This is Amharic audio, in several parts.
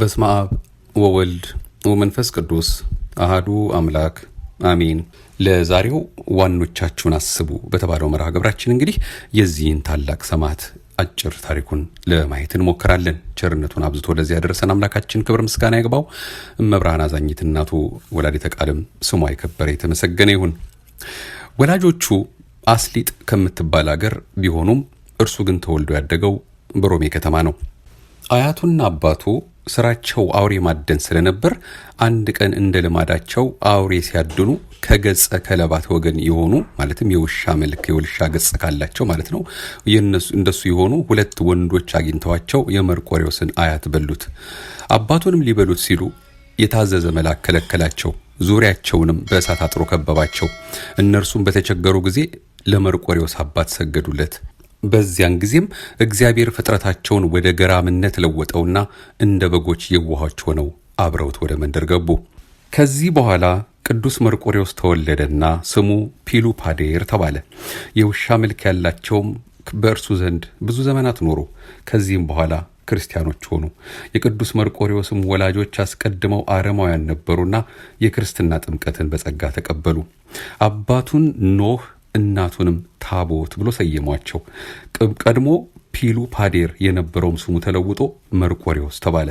በስመ አብ ወወልድ ወመንፈስ ቅዱስ አሃዱ አምላክ አሜን። ለዛሬው ዋኖቻችሁን አስቡ በተባለው መርሃ ግብራችን እንግዲህ የዚህን ታላቅ ሰማዕት አጭር ታሪኩን ለማየት እንሞክራለን። ቸርነቱን አብዝቶ ወደዚህ ያደረሰን አምላካችን ክብር ምስጋና ይግባው። እመብርሃን አዛኝት እናቱ ወላዲተ ቃልም ስሟ የከበረ የተመሰገነ ይሁን። ወላጆቹ አስሊጥ ከምትባል አገር ቢሆኑም እርሱ ግን ተወልዶ ያደገው በሮሜ ከተማ ነው። አያቱና አባቱ ስራቸው አውሬ ማደን ስለነበር አንድ ቀን እንደ ልማዳቸው አውሬ ሲያድኑ ከገጸ ከለባት ወገን የሆኑ ማለትም የውሻ መልክ የውሻ ገጽ ካላቸው ማለት ነው እንደሱ የሆኑ ሁለት ወንዶች አግኝተዋቸው የመርቆሬዎስን አያት በሉት። አባቱንም ሊበሉት ሲሉ የታዘዘ መልአክ ከለከላቸው። ዙሪያቸውንም በእሳት አጥሮ ከበባቸው። እነርሱም በተቸገሩ ጊዜ ለመርቆሬዎስ አባት ሰገዱለት። በዚያን ጊዜም እግዚአብሔር ፍጥረታቸውን ወደ ገራምነት ለወጠውና እንደ በጎች የዋሆች ሆነው አብረውት ወደ መንደር ገቡ። ከዚህ በኋላ ቅዱስ መርቆሬዎስ ተወለደና ስሙ ፒሉፓዴር ተባለ። የውሻ መልክ ያላቸውም በእርሱ ዘንድ ብዙ ዘመናት ኖሩ። ከዚህም በኋላ ክርስቲያኖች ሆኑ። የቅዱስ መርቆሬዎስም ወላጆች አስቀድመው አረማውያን ነበሩና የክርስትና ጥምቀትን በጸጋ ተቀበሉ። አባቱን ኖህ እናቱንም ታቦት ብሎ ሰየሟቸው። ቀድሞ ፒሉ ፓዴር የነበረውም ስሙ ተለውጦ መርቆሪዎስ ተባለ።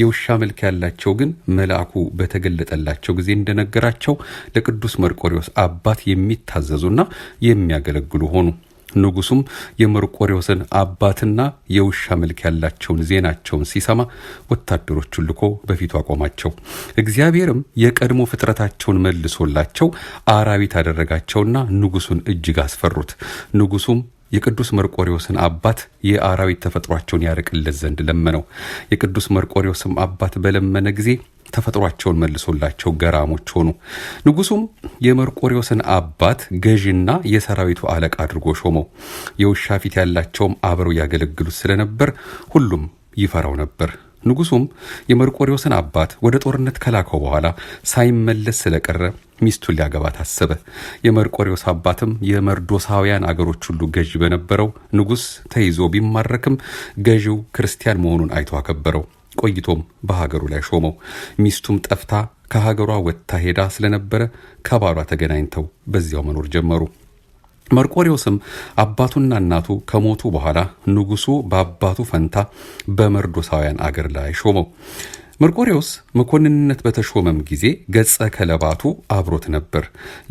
የውሻ መልክ ያላቸው ግን መልአኩ በተገለጠላቸው ጊዜ እንደነገራቸው ለቅዱስ መርቆሪዎስ አባት የሚታዘዙና የሚያገለግሉ ሆኑ። ንጉሱም የመርቆሬዎስን አባትና የውሻ መልክ ያላቸውን ዜናቸውን ሲሰማ ወታደሮቹን ልኮ በፊቱ አቆማቸው። እግዚአብሔርም የቀድሞ ፍጥረታቸውን መልሶላቸው አራዊት አደረጋቸውና ንጉሱን እጅግ አስፈሩት። ንጉሱም የቅዱስ መርቆሪዎስን አባት የአራዊት ተፈጥሯቸውን ያርቅለት ዘንድ ለመነው። የቅዱስ መርቆሪዎስም አባት በለመነ ጊዜ ተፈጥሯቸውን መልሶላቸው ገራሞች ሆኑ። ንጉሱም የመርቆሪዎስን አባት ገዥና የሰራዊቱ አለቃ አድርጎ ሾመው። የውሻ ፊት ያላቸውም አብረው ያገለግሉት ስለነበር ሁሉም ይፈራው ነበር። ንጉሱም የመርቆሪዎስን አባት ወደ ጦርነት ከላከው በኋላ ሳይመለስ ስለቀረ ሚስቱን ሊያገባ ታሰበ። የመርቆሪዎስ አባትም የመርዶሳውያን አገሮች ሁሉ ገዥ በነበረው ንጉስ ተይዞ ቢማረክም ገዢው ክርስቲያን መሆኑን አይቶ አከበረው። ቆይቶም በሀገሩ ላይ ሾመው። ሚስቱም ጠፍታ ከሀገሯ ወጥታ ሄዳ ስለነበረ ከባሏ ተገናኝተው በዚያው መኖር ጀመሩ። መርቆሪዎስም አባቱና እናቱ ከሞቱ በኋላ ንጉሱ በአባቱ ፈንታ በመርዶሳውያን አገር ላይ ሾመው። መርቆሪዎስ መኮንንነት በተሾመም ጊዜ ገጸ ከለባቱ አብሮት ነበር።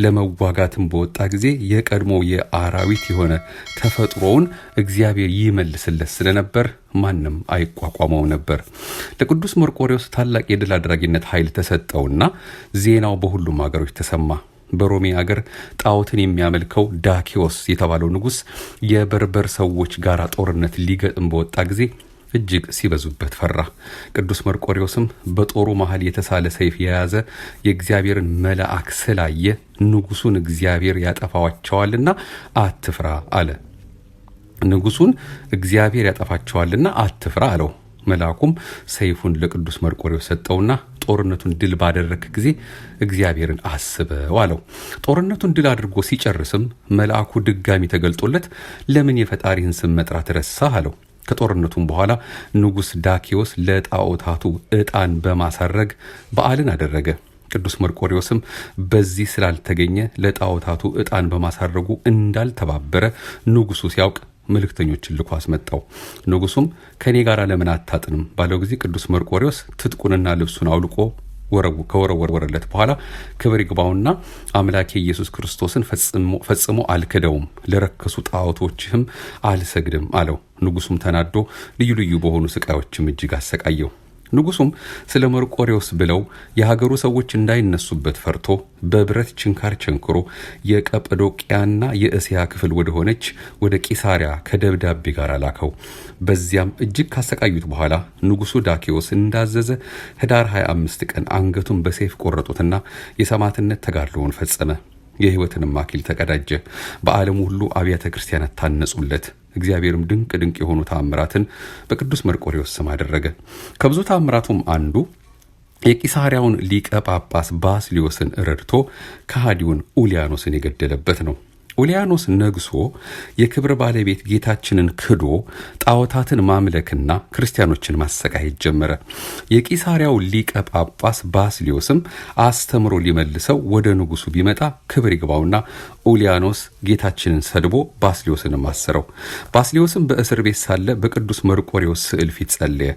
ለመዋጋትም በወጣ ጊዜ የቀድሞ የአራዊት የሆነ ተፈጥሮውን እግዚአብሔር ይመልስለት ስለነበር ማንም አይቋቋመው ነበር። ለቅዱስ መርቆሪዎስ ታላቅ የድል አድራጊነት ኃይል ተሰጠውና ዜናው በሁሉም አገሮች ተሰማ። በሮሜ አገር ጣዖትን የሚያመልከው ዳኪዎስ የተባለው ንጉሥ የበርበር ሰዎች ጋር ጦርነት ሊገጥም በወጣ ጊዜ እጅግ ሲበዙበት ፈራ። ቅዱስ መርቆሪዎስም በጦሩ መሀል የተሳለ ሰይፍ የያዘ የእግዚአብሔርን መልአክ ስላየ ንጉሱን እግዚአብሔር ያጠፋቸዋልና አትፍራ አለ። ንጉሱን እግዚአብሔር ያጠፋቸዋልና አትፍራ አለው። መልአኩም ሰይፉን ለቅዱስ መርቆሪዎስ ሰጠውና ጦርነቱን ድል ባደረክ ጊዜ እግዚአብሔርን አስበው አለው። ጦርነቱን ድል አድርጎ ሲጨርስም መልአኩ ድጋሚ ተገልጦለት ለምን የፈጣሪህን ስም መጥራት ረሳህ አለው። ከጦርነቱም በኋላ ንጉሥ ዳኪዎስ ለጣዖታቱ ዕጣን በማሳረግ በዓልን አደረገ። ቅዱስ መርቆሪዎስም በዚህ ስላልተገኘ ለጣዖታቱ ዕጣን በማሳረጉ እንዳልተባበረ ንጉሡ ሲያውቅ መልእክተኞችን ልኮ አስመጣው። ንጉሱም ከእኔ ጋር ለምን አታጥንም ባለው ጊዜ ቅዱስ መርቆሬዎስ ትጥቁንና ልብሱን አውልቆ ከወረወረወረለት በኋላ ክብር ይግባውና አምላኬ ኢየሱስ ክርስቶስን ፈጽሞ አልክደውም፣ ለረከሱ ጣዖቶችህም አልሰግድም አለው። ንጉሱም ተናዶ ልዩ ልዩ በሆኑ ስቃዮችም እጅግ አሰቃየው። ንጉሱም ስለ መርቆሬዎስ ብለው የሀገሩ ሰዎች እንዳይነሱበት ፈርቶ በብረት ችንካር ቸንክሮ የቀጰዶቅያና የእስያ ክፍል ወደሆነች ወደ ቂሳሪያ ከደብዳቤ ጋር አላከው። በዚያም እጅግ ካሰቃዩት በኋላ ንጉሱ ዳኪዎስ እንዳዘዘ ህዳር 25 ቀን አንገቱን በሰይፍ ቆረጡትና የሰማዕትነት ተጋድሎውን ፈጸመ። የህይወትንም አክሊል ተቀዳጀ። በዓለሙ ሁሉ አብያተ ክርስቲያናት ታነጹለት። እግዚአብሔርም ድንቅ ድንቅ የሆኑ ታምራትን በቅዱስ መርቆሪዎስ ስም አደረገ። ከብዙ ታምራቱም አንዱ የቂሳሪያውን ሊቀ ጳጳስ ባስሊዮስን ረድቶ ከሃዲውን ኡሊያኖስን የገደለበት ነው። ኡሊያኖስ ነግሶ የክብር ባለቤት ጌታችንን ክዶ ጣዖታትን ማምለክና ክርስቲያኖችን ማሰቃየት ጀመረ። የቂሳሪያው ሊቀ ጳጳስ ባስሊዮስም አስተምሮ ሊመልሰው ወደ ንጉሱ ቢመጣ ክብር ይግባውና ኡልያኖስ ጌታችንን ሰድቦ ባስሊዮስንም አሰረው። ባስሊዮስም በእስር ቤት ሳለ በቅዱስ መርቆሬዎስ ስዕል ፊት ጸለየ።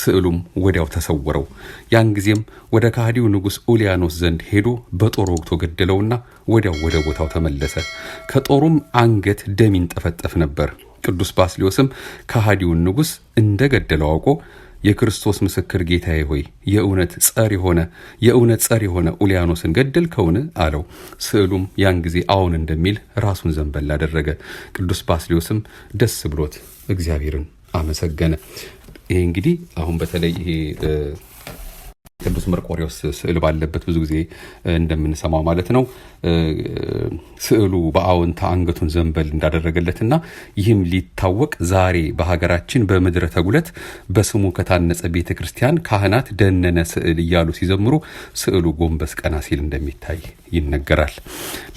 ስዕሉም ወዲያው ተሰወረው። ያን ጊዜም ወደ ካህዲው ንጉሥ ኡሊያኖስ ዘንድ ሄዶ በጦር ወግቶ ገደለውና ወዲያው ወደ ቦታው ተመለሰ። ከጦሩም አንገት ደም ይንጠፈጠፍ ነበር። ቅዱስ ባስሊዮስም ከሃዲውን ንጉሥ እንደ ገደለው አውቆ የክርስቶስ ምስክር ጌታዬ ሆይ የእውነት ጸር የሆነ የእውነት ጸር የሆነ ኡልያኖስን ገደልከውን? አለው። ስዕሉም ያን ጊዜ አሁን እንደሚል ራሱን ዘንበል አደረገ። ቅዱስ ባስሊዮስም ደስ ብሎት እግዚአብሔርን አመሰገነ። ይሄ እንግዲህ አሁን በተለይ ይሄ ቅዱስ መርቆሪዎስ ስዕል ባለበት ብዙ ጊዜ እንደምንሰማው ማለት ነው። ስዕሉ በአዎንታ አንገቱን ዘንበል እንዳደረገለትና ይህም ሊታወቅ ዛሬ በሀገራችን በምድረ ተጉለት በስሙ ከታነጸ ቤተ ክርስቲያን ካህናት ደነነ ስዕል እያሉ ሲዘምሩ ስዕሉ ጎንበስ ቀና ሲል እንደሚታይ ይነገራል።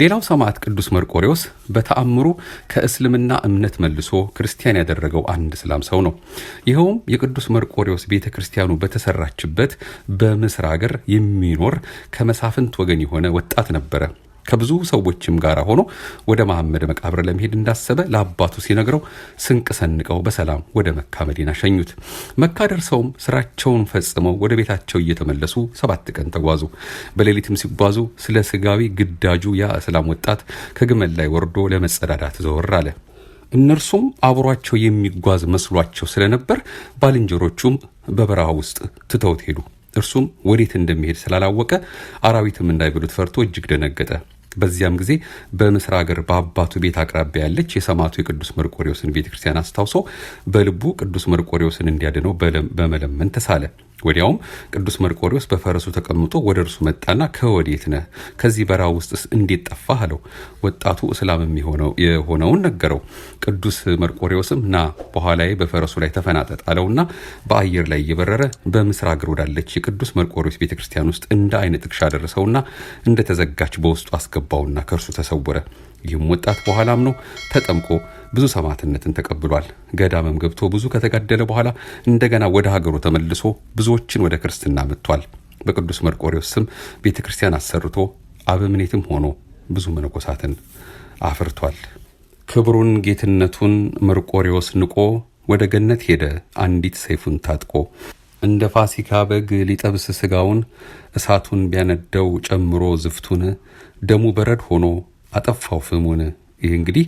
ሌላው ሰማዕት ቅዱስ መርቆሪዎስ በተአምሩ ከእስልምና እምነት መልሶ ክርስቲያን ያደረገው አንድ ስላም ሰው ነው። ይኸውም የቅዱስ መርቆሪዎስ ቤተ ክርስቲያኑ በተሰራችበት በ በምስር ሀገር የሚኖር ከመሳፍንት ወገን የሆነ ወጣት ነበረ። ከብዙ ሰዎችም ጋር ሆኖ ወደ መሐመድ መቃብር ለመሄድ እንዳሰበ ለአባቱ ሲነግረው ስንቅ ሰንቀው በሰላም ወደ መካ መዲና ሸኙት። መካ ደርሰውም ስራቸውን ፈጽመው ወደ ቤታቸው እየተመለሱ ሰባት ቀን ተጓዙ። በሌሊትም ሲጓዙ ስለ ስጋዊ ግዳጁ ያ እስላም ወጣት ከግመል ላይ ወርዶ ለመጸዳዳት ዘወር አለ። እነርሱም አብሯቸው የሚጓዝ መስሏቸው ስለነበር ባልንጀሮቹም በበረሃ ውስጥ ትተውት ሄዱ። እርሱም ወዴት እንደሚሄድ ስላላወቀ አራዊትም እንዳይበሉት ፈርቶ እጅግ ደነገጠ። በዚያም ጊዜ በምስር ሀገር በአባቱ ቤት አቅራቢያ ያለች የሰማዕቱ የቅዱስ መርቆሪዎስን ቤተ ክርስቲያን አስታውሶ በልቡ ቅዱስ መርቆሪዎስን እንዲያድነው በመለመን ተሳለ። ወዲያውም ቅዱስ መርቆሪዎስ በፈረሱ ተቀምጦ ወደ እርሱ መጣና ከወዴት ነህ? ከዚህ በራ ውስጥስ እንዴት ጠፋህ? አለው። ወጣቱ እስላም የሆነውን ነገረው። ቅዱስ መርቆሪዎስም ና በኋላ በፈረሱ ላይ ተፈናጠጥ አለውና በአየር ላይ እየበረረ በምስራ ግር ወዳለች የቅዱስ መርቆሪዎስ ቤተክርስቲያን ውስጥ እንደ አይነ ጥቅሻ ደረሰውና እንደተዘጋች በውስጡ አስገባውና ከእርሱ ተሰወረ። ይህም ወጣት በኋላም ነው ተጠምቆ ብዙ ሰማዕትነትን ተቀብሏል። ገዳምም ገብቶ ብዙ ከተጋደለ በኋላ እንደገና ወደ ሀገሩ ተመልሶ ብዙዎችን ወደ ክርስትና መጥቷል። በቅዱስ መርቆሪዎስ ስም ቤተ ክርስቲያን አሰርቶ አበምኔትም ሆኖ ብዙ መነኮሳትን አፍርቷል። ክብሩን ጌትነቱን መርቆሪዎስ ንቆ ወደ ገነት ሄደ አንዲት ሰይፉን ታጥቆ እንደ ፋሲካ በግ ሊጠብስ ስጋውን እሳቱን ቢያነደው ጨምሮ ዝፍቱን ደሙ በረድ ሆኖ አጠፋው ፍሙን ይህ እንግዲህ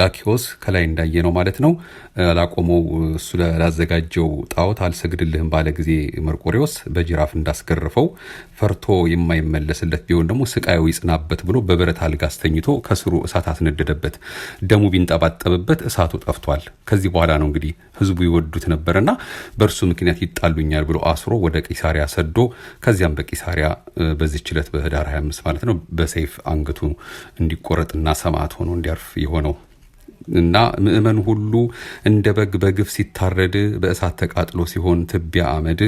ዳኪዎስ ከላይ እንዳየ ነው ማለት ነው። ላቆመው እሱ ላዘጋጀው ጣዖት አልሰግድልህም ባለ ጊዜ መርቆሪዎስ በጅራፍ እንዳስገርፈው ፈርቶ የማይመለስለት ቢሆን ደግሞ ስቃዩ ይጽናበት ብሎ በብረት አልጋ አስተኝቶ ከስሩ እሳት አስነደደበት። ደሙ ቢንጠባጠብበት እሳቱ ጠፍቷል። ከዚህ በኋላ ነው እንግዲህ ህዝቡ ይወዱት ነበርና በእርሱ ምክንያት ይጣሉኛል ብሎ አስሮ ወደ ቂሳሪያ ሰዶ ከዚያም በቂሳሪያ በዚህ ችለት በህዳር 25 ማለት ነው በሰይፍ አንገቱ እንዲቆረጥና ሰማት ሆኖ ሆኖ እንዲያርፍ የሆነው እና ምእመን ሁሉ እንደ በግ በግፍ ሲታረድ በእሳት ተቃጥሎ ሲሆን ትቢያ አመድ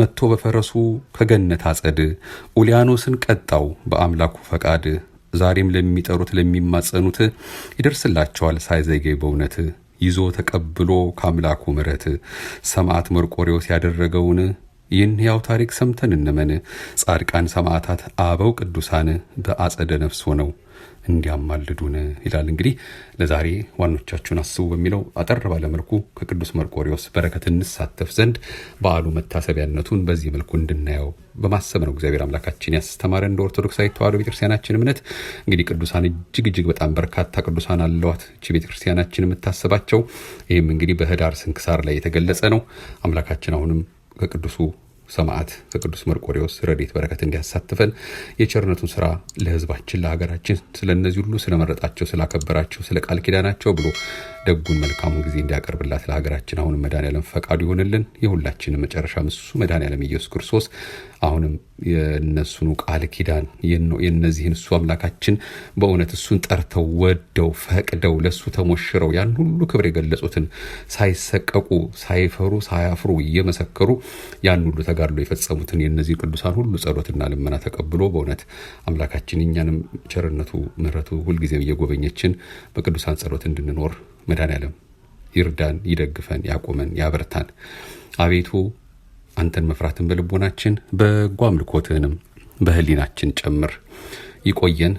መጥቶ በፈረሱ ከገነት አጸድ ኡሊያኖስን ቀጣው በአምላኩ ፈቃድ ዛሬም ለሚጠሩት ለሚማጸኑት ይደርስላቸዋል ሳይዘገይ በእውነት ይዞ ተቀብሎ ከአምላኩ ምረት ሰማዕት መርቆሬዎስ ያደረገውን ይህን ያው ታሪክ ሰምተን እንመን። ጻድቃን ሰማዕታት፣ አበው ቅዱሳን በአጸደ ነፍስ ሆነው እንዲያማልዱን ይላል። እንግዲህ ለዛሬ ዋኖቻችሁን አስቡ በሚለው አጠር ባለመልኩ ከቅዱስ መርቆሪዎስ በረከት እንሳተፍ ዘንድ በዓሉ መታሰቢያነቱን በዚህ መልኩ እንድናየው በማሰብ ነው እግዚአብሔር አምላካችን ያስተማረ እንደ ኦርቶዶክሳዊ ተዋሕዶ ቤተክርስቲያናችን እምነት እንግዲህ ቅዱሳን እጅግ እጅግ በጣም በርካታ ቅዱሳን አለዋት እቺ ቤተክርስቲያናችን የምታስባቸው። ይህም እንግዲህ በህዳር ስንክሳር ላይ የተገለጸ ነው። አምላካችን አሁንም ከቅዱሱ ሰማዕት ከቅዱስ መርቆሪዎስ ረዴት በረከት እንዲያሳትፈን የቸርነቱን ስራ ለህዝባችን ለሀገራችን ስለነዚህ ሁሉ ስለመረጣቸው ስላከበራቸው ስለ ቃል ኪዳናቸው ብሎ ደጉን መልካሙን ጊዜ እንዲያቀርብላት ለሀገራችን አሁንም ያለም ፈቃዱ ይሆንልን። የሁላችንም መጨረሻ እሱ ያለም ኢየሱስ ክርስቶስ አሁንም የእነሱኑ ቃል ኪዳን የእነዚህን እሱ አምላካችን በእውነት እሱን ጠርተው ወደው ፈቅደው ለእሱ ተሞሽረው ያን ሁሉ ክብር የገለጹትን ሳይሰቀቁ ሳይፈሩ ሳያፍሩ እየመሰከሩ ያን ሁሉ ተጋድሎ የፈጸሙትን የእነዚህ ቅዱሳን ሁሉ ጸሎትና ልመና ተቀብሎ በእውነት አምላካችን እኛንም ቸርነቱ ምሕረቱ ሁልጊዜም እየጎበኘችን በቅዱሳን ጸሎት እንድንኖር ያለም ይርዳን፣ ይደግፈን፣ ያቆመን፣ ያበርታን። አቤቱ አንተን መፍራትን በልቦናችን በጎ አምልኮትህንም በህሊናችን ጨምር። ይቆየን።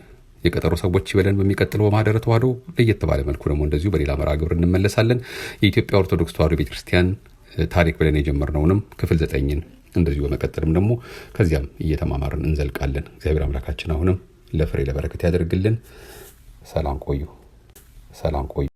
የቀጠሮ ሰዎች ይበለን። በሚቀጥለው በማህደረ ተዋህዶ ለየት ባለ መልኩ ደግሞ እንደዚሁ በሌላ መርሃ ግብር እንመለሳለን። የኢትዮጵያ ኦርቶዶክስ ተዋህዶ ቤተክርስቲያን ታሪክ ብለን የጀመርነውንም ክፍል ዘጠኝን እንደዚሁ በመቀጠልም ደግሞ ከዚያም እየተማማርን እንዘልቃለን። እግዚአብሔር አምላካችን አሁንም ለፍሬ ለበረከት ያደርግልን። ሰላም ቆዩ። ሰላም ቆዩ።